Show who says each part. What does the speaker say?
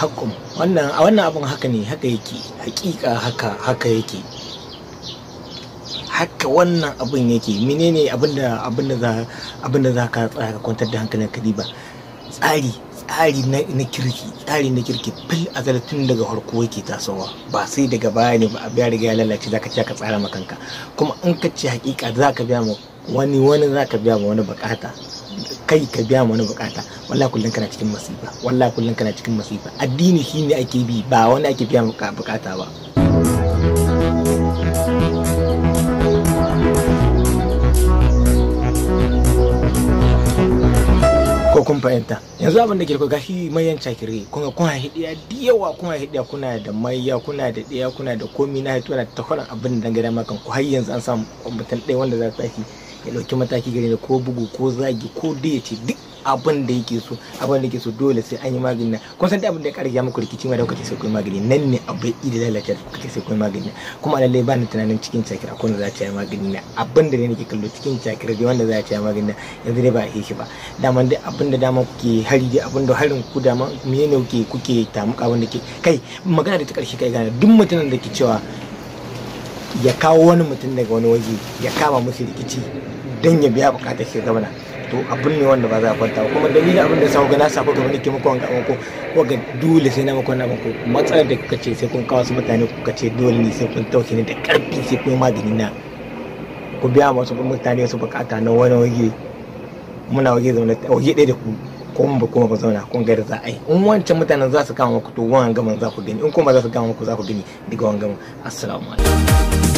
Speaker 1: haƙƙun wannan a wannan abin haka ne haka yake hakika haka haka yake haka wannan abin yake menene abin da za abinda za ka tsaya ka kwantar da hankalin ka ba tsari tsari na kirki tsari na kirki fil azal tun daga harko yake tasowa ba sai daga baya ne ba a biya riga ya lalace zaka ci ka tsara ma kanka kuma in ka ce hakika zaka biya mu wani wani zaka biya ma wani bukata kai ka biya mana bukata wallahi kullun kana cikin masifa wallahi kullun kana cikin masifa addini shine ake bi ba wani ake biya bukata ba ko kun fahimta yanzu abin da ke ga shi mayan cakire kun kuna hidiya diyawa yawa kuna hidiya kuna da maiya kuna da ɗaya kuna da komi na hito na ta abin da dangane makan ku har yanzu an samu mutum ɗaya wanda za ta tafi? ya dauki mataki gare ko bugu ko zagi ko da ce duk abin da yake so abin da yake so dole sai an yi magani kun san abin da ya ya muku rikici ma da kuka sai kun magani nan ne abu ya ida lalata kuka ce sai kun magani kuma lallai ba ni tunanin cikin cakira ko za ta yi magani na abin da ne nake kallo cikin cakira da wanda za ta yi magani yanzu dai ba a shi ba daman dai abin da dama kuke hari dai abin da harin ku dama menene kuke kuke tamuka wanda ke kai magana da ta karshe kai gane duk mutumin da ke cewa ya kawo wani mutum daga wani waje ya kama musu rikici don ya biya bukatar shi gabana to abin ne wanda ba za a kwanta kuma dalilin abin da sa na sako gaba nake muku wanga ko ko ga dole sai na muku na muku matsalar da kuka ce sai kun kawo su mutane kuka ce dole ne sai kun tauke ne da karfi sai kun magani na ku biya masu mutane su bukata na wani waje muna waje zaune waje ɗaya da ku kun ba kuma ba zauna kun ga za a yi in wancan mutanen za su kama ku to wangaman za ku gani in kuma za su kama ku za ku gani daga wangaman assalamu alaikum